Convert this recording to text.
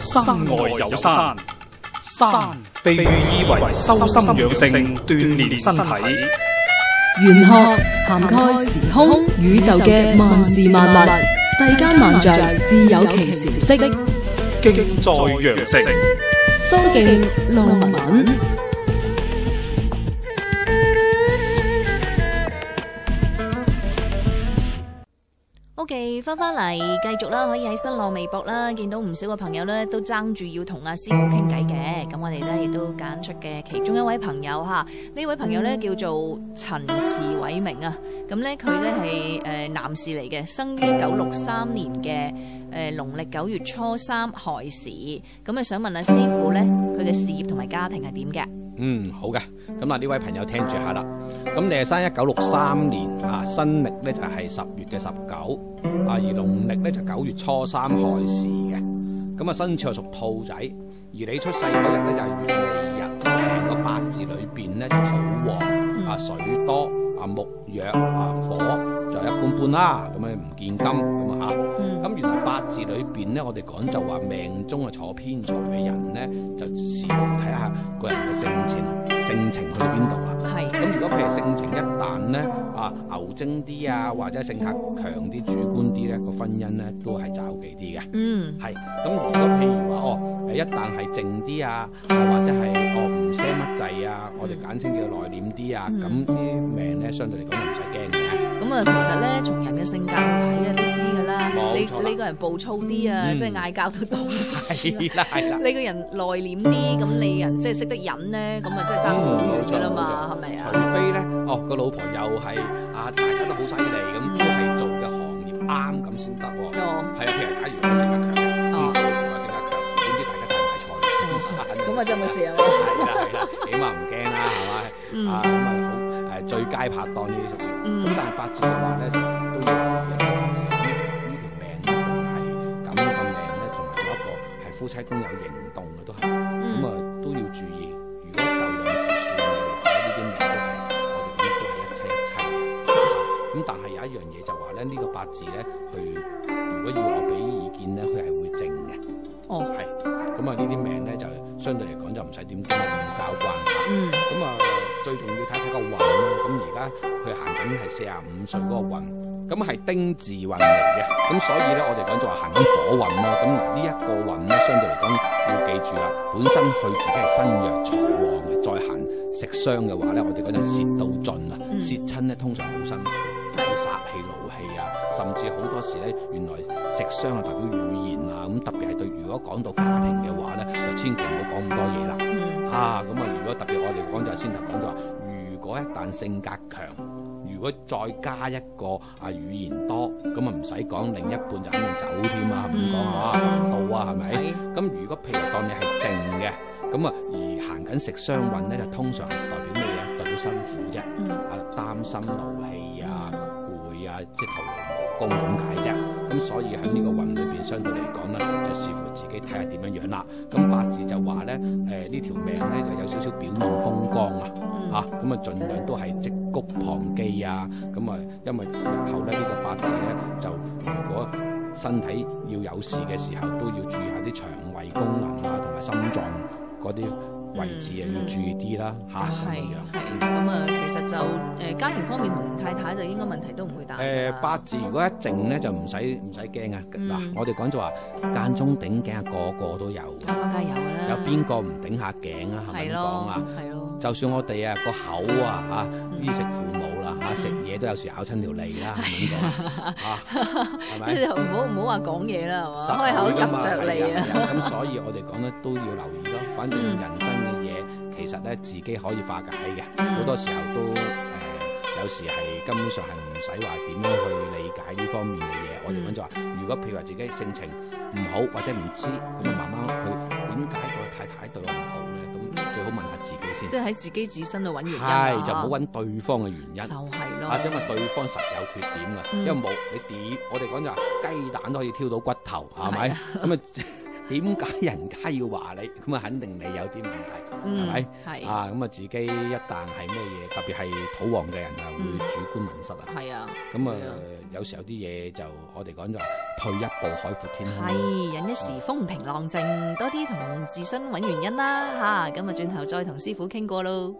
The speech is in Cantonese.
山外有山，山被寓意為修心養性、鍛煉身體。玄學涵蓋時空宇宙嘅萬事萬物、世間萬象，自有其時息。敬在羊城，蘇敬論文。翻翻嚟繼續啦，可以喺新浪微博啦，見到唔少嘅朋友咧都爭住要同阿師傅傾偈嘅，咁我哋咧亦都揀出嘅其中一位朋友吓，呢位朋友咧叫做陳慈偉明啊，咁咧佢咧係誒男士嚟嘅，生於一九六三年嘅誒農曆九月初三亥時，咁啊想問阿、啊、師傅咧佢嘅事業同埋家庭係點嘅？嗯，好嘅，咁啊呢位朋友聽住下啦。咁你係生一九六三年啊，新曆咧就係、是、十月嘅十九，啊而農曆咧就是、九月初三亥時嘅。咁啊生肖屬兔仔，而你出世嗰日咧就係月尾日，成個八字裏邊咧土旺啊水多。啊木弱啊火就一般般啦，咁樣唔見金咁啊吓，咁、嗯、原來八字裏邊咧，我哋講就話命中啊坐偏財嘅人咧，就視乎睇下個人嘅性情，性情去到邊度啦。係咁是如果譬如性情一旦咧啊牛精啲啊，或者性格強啲、主觀啲咧，個婚姻咧都係驟忌啲嘅。嗯，係咁如果譬如話哦，一旦係靜啲啊，或者係哦。寫乜制啊？我哋簡稱叫內斂啲啊，咁啲名咧相對嚟講又唔使驚嘅。咁啊，其實咧從人嘅性格去睇啊，都知㗎啦。冇錯，呢個人暴躁啲啊，即係嗌交都多。係啦，係啦。你個人內斂啲，咁你人即係識得忍咧，咁啊即係爭唔到啦嘛，係咪啊？除非咧，哦個老婆又係啊，大家都好犀利，咁都係做嘅行業啱咁先得喎。係啊，譬如假如我性格強咁啊真係冇事啊，係啦係啦，起碼唔驚啦，係咪？嗯、啊咁啊、嗯、好，誒最佳拍檔呢啲材料，咁、嗯嗯、但係八字嘅話咧，都要睇八字，咁呢條命咧係咁嘅命咧，同埋仲有一個係、這個、夫妻宮有形動嘅都係，咁啊都要注意，如果舊有事算嘅呢啲嘢都係，我哋都我都係一切一切咁、嗯、但係有一樣嘢就話咧，呢、這個八字咧，佢如果要我俾意見咧，佢係會正嘅。哦，係、oh.，咁啊呢啲名咧就相對嚟講就唔使點咁教慣吓，咁啊、mm hmm. 最重要睇睇個運咯，咁而家佢行緊係四十五歲嗰個運，咁係丁字運嚟嘅，咁所以咧我哋講就話行緊火運咯，咁嗱呢一個運咧相對嚟講要記住啦，本身佢自己係身弱財旺嘅，再行食傷嘅話咧，我哋講就蝕到盡啊，蝕親咧通常好辛苦。殺氣怒氣啊，甚至好多時咧，原來食傷啊代表語言啊，咁特別係對，如果講到家庭嘅話咧，就千祈唔好講咁多嘢啦。啊，咁、嗯、啊，嗯、如果特別我哋講就係先頭講就話，如果一旦性格強，如果再加一個啊語言多，咁啊唔使講，另一半就肯定走添啊，咁講係嘛，到啊係咪？咁、啊的啊、如果譬如當你係靜嘅，咁啊而行緊食傷運咧，就通常係代表咩嘢？辛苦啫，啊擔心勞氣啊、攰啊，即係頭勞無功咁解啫。咁、啊、所以喺呢個運裏邊，相對嚟講咧，就視乎自己睇下點樣樣啦。咁、啊、八字就話咧，誒、呃、呢條命咧就有少少表面風光啊，吓咁啊，盡、啊、量都係積穀防饑啊。咁啊，啊，因為日後咧呢、這個八字咧，就如果身體要有事嘅時候，都要注意下啲腸胃功能啊，同埋心臟嗰啲。位置啊，要注意啲啦，嚇。係係，咁啊，其實就誒家庭方面同太太就應該問題都唔會大。誒八字如果一靜咧，就唔使唔使驚啊！嗱，我哋講咗話間中頂頸啊，個個都有。咁梗係有啦。有邊個唔頂下頸啊？係咪咁講啊？係咯。就算我哋啊，個口啊，嚇衣食父母。食嘢都有時咬親條脷啦，係咪的？唔好唔好話講嘢啦，係嘛、嗯？開口及著你啊！咁 所以我，我哋講咧都要留意咯。反正人生嘅嘢，其實咧自己可以化解嘅。好多時候都誒、呃，有時係根本上係唔使話點樣去理解呢方面嘅嘢。我哋講就話，如果譬如話自己性情唔好或者唔知，咁啊慢慢佢點解個太太對我唔好？自己先即係喺自己自身度揾原因，就唔好揾對方嘅原因。就係咯，因為對方實有缺點㗎，嗯、因為冇你點，我哋講就雞蛋都可以挑到骨頭，係咪？咁啊！吧 點解人家要話你？咁啊，肯定你有啲問題，係咪、嗯？係吧啊，咁啊，自己一旦係咩嘢，特別係土旺嘅人啊，嗯、會主觀迷失、嗯、那啊。係啊，咁啊，有時候啲嘢就我哋講咗，退一步海闊天空。係，忍一時風平浪靜，哦、多啲同自身揾原因啦吓，咁啊，轉頭再同師傅傾過咯。